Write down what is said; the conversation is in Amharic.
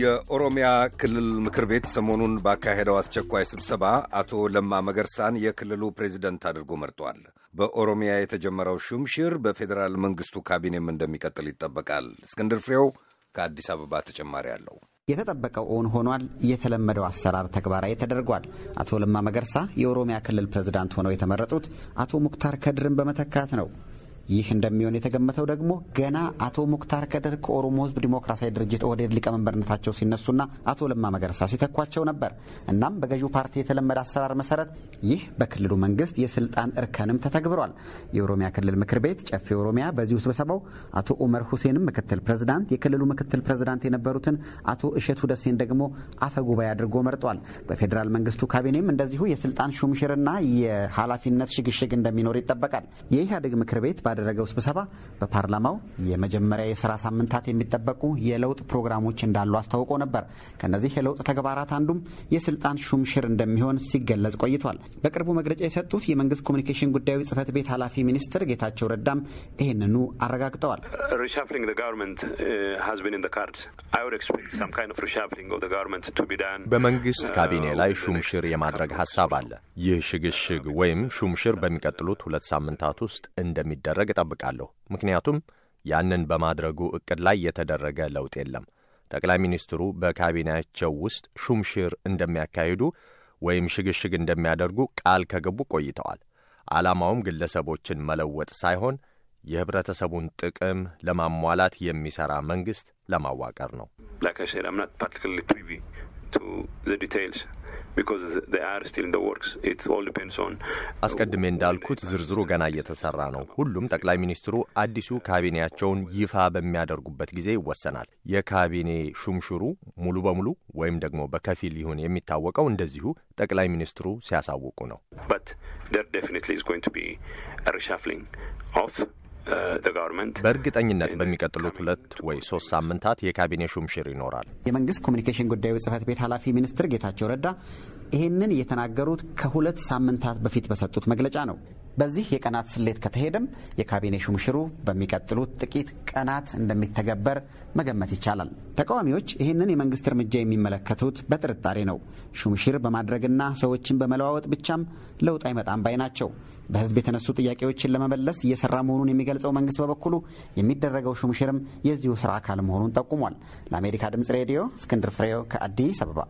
የኦሮሚያ ክልል ምክር ቤት ሰሞኑን ባካሄደው አስቸኳይ ስብሰባ አቶ ለማ መገርሳን የክልሉ ፕሬዚደንት አድርጎ መርጧል። በኦሮሚያ የተጀመረው ሹምሽር በፌዴራል መንግስቱ ካቢኔም እንደሚቀጥል ይጠበቃል። እስክንድር ፍሬው ከአዲስ አበባ ተጨማሪ አለው። የተጠበቀው እውን ሆኗል። የተለመደው አሰራር ተግባራዊ ተደርጓል። አቶ ለማ መገርሳ የኦሮሚያ ክልል ፕሬዚዳንት ሆነው የተመረጡት አቶ ሙክታር ከድርን በመተካት ነው። ይህ እንደሚሆን የተገመተው ደግሞ ገና አቶ ሙክታር ከድር ከኦሮሞ ህዝብ ዲሞክራሲያዊ ድርጅት ኦህዴድ ሊቀመንበርነታቸው ሲነሱና አቶ ለማ መገረሳ ሲተኳቸው ነበር። እናም በገዢው ፓርቲ የተለመደ አሰራር መሰረት ይህ በክልሉ መንግስት የስልጣን እርከንም ተተግብሯል። የኦሮሚያ ክልል ምክር ቤት ጨፌ ኦሮሚያ በዚሁ ስብሰባው አቶ ኡመር ሁሴንም ምክትል ፕሬዝዳንት፣ የክልሉ ምክትል ፕሬዝዳንት የነበሩትን አቶ እሸቱ ደሴን ደግሞ አፈ ጉባኤ አድርጎ መርጧል። በፌዴራል መንግስቱ ካቢኔም እንደዚሁ የስልጣን ሹምሽርና የኃላፊነት ሽግሽግ እንደሚኖር ይጠበቃል። የኢህአዴግ ምክር ቤት ባደረገው ስብሰባ በፓርላማው የመጀመሪያ የስራ ሳምንታት የሚጠበቁ የለውጥ ፕሮግራሞች እንዳሉ አስታውቆ ነበር። ከእነዚህ የለውጥ ተግባራት አንዱም የስልጣን ሹምሽር እንደሚሆን ሲገለጽ ቆይቷል። በቅርቡ መግለጫ የሰጡት የመንግስት ኮሚኒኬሽን ጉዳዮች ጽህፈት ቤት ኃላፊ ሚኒስትር ጌታቸው ረዳም ይህንኑ አረጋግጠዋል። uh, uh, በመንግስት uh, ካቢኔ ላይ ሹምሽር የማድረግ ሀሳብ አለ። ይህ ሽግሽግ ወይም ሹምሽር በሚቀጥሉት ሁለት ሳምንታት ውስጥ እንደሚደረግ እንደሚያደርግ እጠብቃለሁ። ምክንያቱም ያንን በማድረጉ እቅድ ላይ የተደረገ ለውጥ የለም። ጠቅላይ ሚኒስትሩ በካቢኔያቸው ውስጥ ሹምሽር እንደሚያካሂዱ ወይም ሽግሽግ እንደሚያደርጉ ቃል ከገቡ ቆይተዋል። ዓላማውም ግለሰቦችን መለወጥ ሳይሆን የህብረተሰቡን ጥቅም ለማሟላት የሚሰራ መንግስት ለማዋቀር ነው። አስቀድሜ እንዳልኩት ዝርዝሩ ገና እየተሰራ ነው። ሁሉም ጠቅላይ ሚኒስትሩ አዲሱ ካቢኔያቸውን ይፋ በሚያደርጉበት ጊዜ ይወሰናል። የካቢኔ ሹምሹሩ ሙሉ በሙሉ ወይም ደግሞ በከፊል ይሁን የሚታወቀው እንደዚሁ ጠቅላይ ሚኒስትሩ ሲያሳውቁ ነው። በእርግጠኝነት በሚቀጥሉት ሁለት ወይ ሶስት ሳምንታት የካቢኔ ሹምሽር ይኖራል። የመንግስት ኮሚኒኬሽን ጉዳዮች ጽህፈት ቤት ኃላፊ ሚኒስትር ጌታቸው ረዳ ይህንን የተናገሩት ከሁለት ሳምንታት በፊት በሰጡት መግለጫ ነው። በዚህ የቀናት ስሌት ከተሄደም የካቢኔ ሹምሽሩ በሚቀጥሉት ጥቂት ቀናት እንደሚተገበር መገመት ይቻላል። ተቃዋሚዎች ይህንን የመንግስት እርምጃ የሚመለከቱት በጥርጣሬ ነው። ሹምሽር በማድረግና ሰዎችን በመለዋወጥ ብቻም ለውጥ አይመጣም ባይ ናቸው። በህዝብ የተነሱ ጥያቄዎችን ለመመለስ እየሰራ መሆኑን የሚገልጸው መንግስት በበኩሉ የሚደረገው ሹምሽርም የዚሁ ስራ አካል መሆኑን ጠቁሟል። ለአሜሪካ ድምጽ ሬዲዮ እስክንድር ፍሬው ከአዲስ አበባ